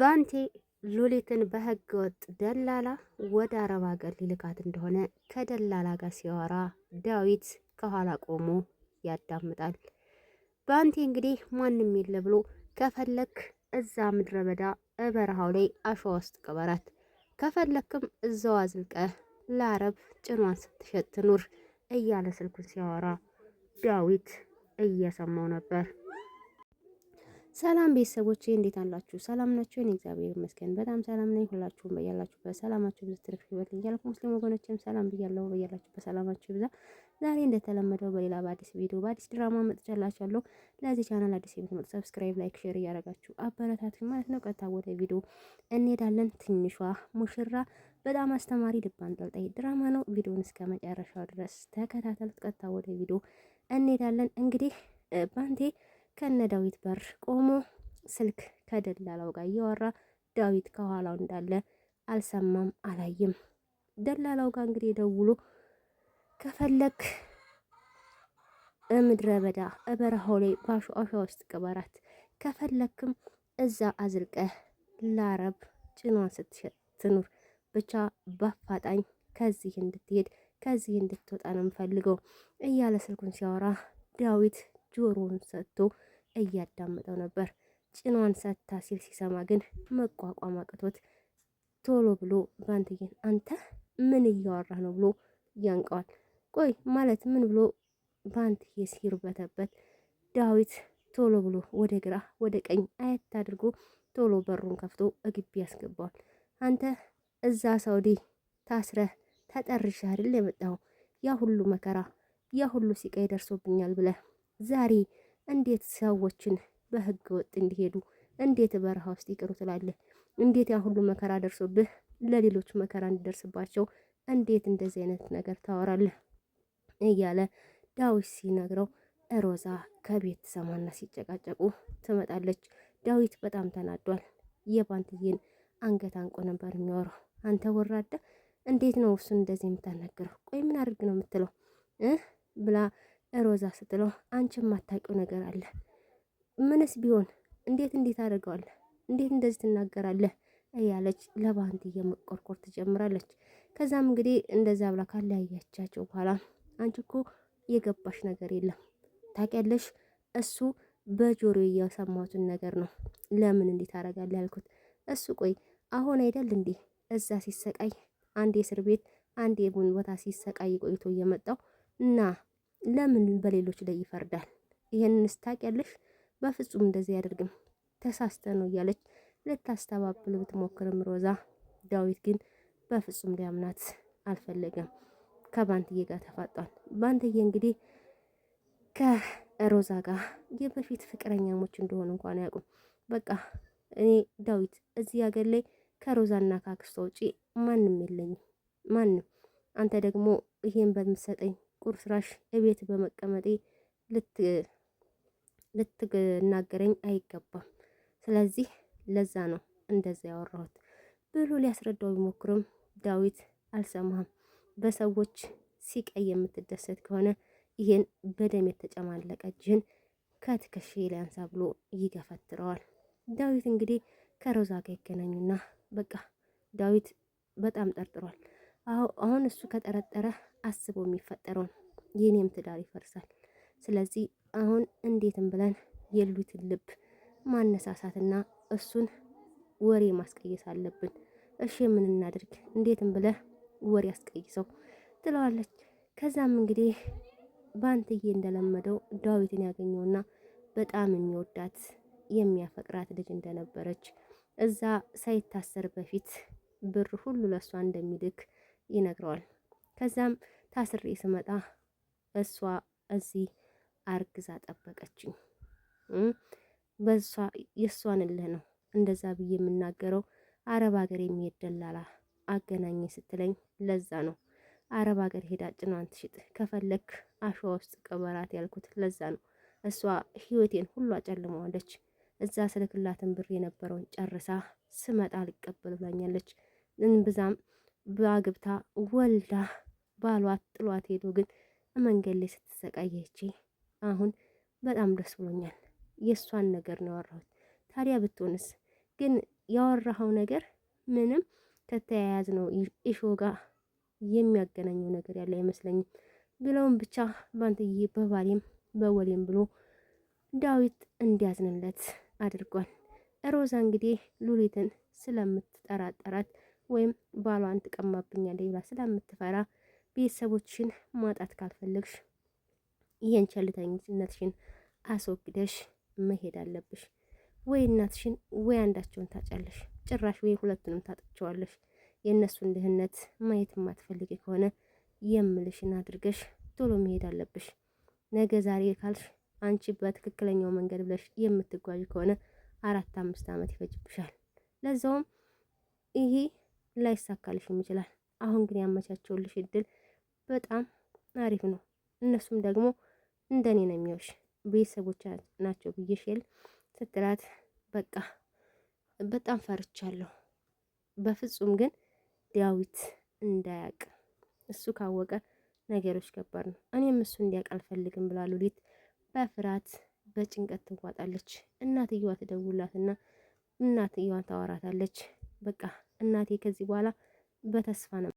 ባንቴ ሉሊትን በህገ ወጥ ደላላ ወደ አረብ ሀገር ሊልካት እንደሆነ ከደላላ ጋር ሲያወራ ዳዊት ከኋላ ቆሞ ያዳምጣል። ባንቴ እንግዲህ ማንም የለ ብሎ ከፈለክ እዛ ምድረ በዳ በረሃው ላይ አሸዋ ውስጥ ቅበራት፣ ከፈለክም እዛው አዝልቀህ ለአረብ ጭኗን ስትሸጥ ትኑር እያለ ስልኩን ሲያወራ ዳዊት እየሰማው ነበር። ሰላም ቤተሰቦቼ እንዴት አላችሁ? ሰላም ናችሁ? እኔ እግዚአብሔር ይመስገን በጣም ሰላም ነኝ። ሁላችሁም በያላችሁበት በሰላማችሁ ብዙ ትርፍ ይበል እያልኩ ሙስሊም ወገኖችም ሰላም ብያለሁ። በያላችሁበት በሰላማችሁ ይብዛ። ዛሬ እንደተለመደው በሌላ በአዲስ ቪዲዮ በአዲስ ድራማ መጥቻላችኋለሁ። ለዚህ ቻናል አዲስ የምትመጡ ሰብስክራይብ፣ ላይክ፣ ሼር እያደረጋችሁ አበረታቱኝ ማለት ነው። ቀጥታ ወደ ቪዲዮ እንሄዳለን። ትንሿ ሙሽራ በጣም አስተማሪ ልብ አንጠልጣይ ድራማ ነው። ቪዲዮን እስከ መጨረሻው ድረስ ተከታተሉት። ቀጥታ ወደ ቪዲዮ እንሄዳለን። እንግዲህ ባንቴ ከነ ዳዊት በር ቆሞ ስልክ ከደላላው ጋር እያወራ ዳዊት ከኋላው እንዳለ አልሰማም አላይም። ደላላው ጋር እንግዲህ ደውሎ ከፈለክ እምድረ በዳ በረሃው ላይ ባሸዋሻ ውስጥ ቅበራት፣ ከፈለክም እዛ አዝልቀ ለአረብ ጭኗን ስትሸጥ ትኑር። ብቻ በአፋጣኝ ከዚህ እንድትሄድ ከዚህ እንድትወጣ ነው የምፈልገው እያለ ስልኩን ሲያወራ ዳዊት ጆሮውን ሰጥቶ እያዳመጠው ነበር። ጭኗን ሰታ ሲል ሲሰማ ግን መቋቋም አቅቶት ቶሎ ብሎ ጋንትዬን አንተ ምን እያወራ ነው ብሎ ያንቀዋል። ቆይ ማለት ምን ብሎ ባንትዬ ሲርበተበት ዳዊት ቶሎ ብሎ ወደ ግራ ወደ ቀኝ አየት አድርጎ ቶሎ በሩን ከፍቶ እግቢ ያስገባዋል። አንተ እዛ ሳውዲ ታስረ ተጠርሻ አይደል የመጣው ያ ሁሉ መከራ ያ ሁሉ ሲቃይ ደርሶብኛል ብለህ ዛሬ እንዴት ሰዎችን በህገ ወጥ እንዲሄዱ እንዴት በረሃ ውስጥ ይቅሩ ትላለህ? እንዴት ያ ሁሉ መከራ ደርሶብህ ለሌሎች መከራ እንዲደርስባቸው እንዴት እንደዚህ አይነት ነገር ታወራለህ? እያለ ዳዊት ሲነግረው ሮዛ ከቤት ሰማና ሲጨቃጨቁ ትመጣለች። ዳዊት በጣም ተናዷል። የባንትዬን አንገት አንቆ ነበር የሚያወራው። አንተ ወራዳ፣ እንዴት ነው እሱን እንደዚህ የምታናግረው? ቆይ ምን አድርግ ነው የምትለው ብላ ሮዛ ስትለው አንቺ ማታውቂው ነገር አለ። ምንስ ቢሆን እንዴት እንዴት አደርገዋለህ? እንዴት እንደዚህ ትናገራለህ? እያለች ለባንትዬ መቆርቆር ትጀምራለች። ከዛም እንግዲህ እንደዛ ብላ ካለያያቻቸው በኋላ አንቺ እኮ የገባሽ ነገር የለም ታውቂያለሽ፣ እሱ በጆሮ የሰማሁትን ነገር ነው። ለምን እንዴት አደርጋለህ ያልኩት እሱ ቆይ አሁን አይደል እንዴ እዛ ሲሰቃይ አንድ የእስር ቤት አንድ የቡን ቦታ ሲሰቃይ ቆይቶ እየመጣው እና ለምን በሌሎች ላይ ይፈርዳል? ይህንን ያለሽ በፍጹም እንደዚህ አያደርግም፣ ተሳስተ ነው እያለች ልታስተባብል ብትሞክርም ሮዛ ዳዊት ግን በፍጹም ሊያምናት አልፈለገም። ከባንትዬ ጋር ተፋጧል። ባንትዬ እንግዲህ ከሮዛ ጋር የበፊት ፍቅረኛሞች እንደሆኑ እንኳን አያውቁም። በቃ እኔ ዳዊት እዚህ ሀገር ላይ ከሮዛና ከአክስቷ ውጪ ማንም የለኝም፣ ማንም አንተ ደግሞ ይሄን በምትሰጠኝ ቁርስራሽ እቤት በመቀመጤ ልትናገረኝ አይገባም። ስለዚህ ለዛ ነው እንደዛ ያወራሁት ብሎ ሊያስረዳው ቢሞክርም ዳዊት አልሰማህም። በሰዎች ሲቀይ የምትደሰት ከሆነ ይህን በደም የተጨማለቀ እጅህን ከትከሻ ላይ አንሳ ብሎ ይገፈትረዋል። ዳዊት እንግዲህ ከሮዛ ጋር ይገናኙና በቃ ዳዊት በጣም ጠርጥሯል። አሁን እሱ ከጠረጠረ አስቦ የሚፈጠረው ነው። የኔም ትዳር ይፈርሳል። ስለዚህ አሁን እንዴትም ብለን የሉትን ልብ ማነሳሳትና እሱን ወሬ ማስቀየስ አለብን። እሺ ምን እናድርግ? እንዴትም ብለህ ወሬ አስቀይሰው ትለዋለች። ከዛም እንግዲህ ባንትዬ እንደለመደው ዳዊትን ያገኘውና በጣም የሚወዳት የሚያፈቅራት ልጅ እንደነበረች እዛ ሳይታሰር በፊት ብር ሁሉ ለእሷ እንደሚልክ ይነግረዋል። ከዛም ታስሬ ስመጣ እሷ እዚህ አርግዛ ጠበቀችኝ። በሷ የእሷን ልህ ነው እንደዛ ብዬ የምናገረው። አረብ ሀገር የሚሄድ ደላላ አገናኝ ስትለኝ ለዛ ነው። አረብ ሀገር ሄዳ ጭኗን ትሽጥ ከፈለክ አሸዋ ውስጥ ቅበራት ያልኩት ለዛ ነው። እሷ ህይወቴን ሁሉ አጨልመዋለች። እዛ ስልክላትን ብር የነበረውን ጨርሳ ስመጣ አልቀበል ብላኛለች። እንብዛም በአግብታ ወልዳ ባሏት ጥሏት ሄዶ ግን መንገድ ላይ ስትሰቃየች አሁን በጣም ደስ ብሎኛል። የእሷን ነገር ነው ያወራሁት። ታዲያ ብትሆንስ ግን ያወራኸው ነገር ምንም ከተያያዝ ነው ኢሾ ጋር የሚያገናኘው ነገር ያለ አይመስለኝም ብለውም ብቻ ባንትዬ በባሌም በወሌም ብሎ ዳዊት እንዲያዝንለት አድርጓል። ሮዛ እንግዲህ ሉሊትን ስለምትጠራጠራት ወይም ባሏን ትቀማብኛለች ብላ ስለምትፈራ ቤተሰቦችሽን ማጣት ካልፈለግሽ ይሄን ቸልተኝነትሽን አስወግደሽ መሄድ አለብሽ። ወይ እናትሽን ወይ አንዳቸውን ታጫለሽ፣ ጭራሽ ወይ ሁለቱንም ታጥቸዋለሽ። የእነሱን ድህነት ማየት የማትፈልጊ ከሆነ የምልሽን አድርገሽ ቶሎ መሄድ አለብሽ። ነገ ዛሬ ካልሽ አንቺ በትክክለኛው መንገድ ብለሽ የምትጓዥ ከሆነ አራት አምስት ዓመት ይፈጅብሻል። ለዛውም ይሄ ላይሳካልሽም ይችላል። አሁን ግን ያመቻቸውልሽ እድል በጣም አሪፍ ነው። እነሱም ደግሞ እንደኔ ነው የሚወሽ ቤተሰቦች ናቸው ብዬሽ የለ ስትላት፣ በቃ በጣም ፈርቻለሁ። በፍጹም ግን ዳዊት እንዳያቅ እሱ ካወቀ ነገሮች ከባድ ነው። እኔም እሱ እንዲያውቅ አልፈልግም ብላ ሉሊት በፍርሃት በጭንቀት ትዋጣለች። እናትየዋ ትደውላትና እናትየዋን ታወራታለች። በቃ እናቴ ከዚህ በኋላ በተስፋ ነው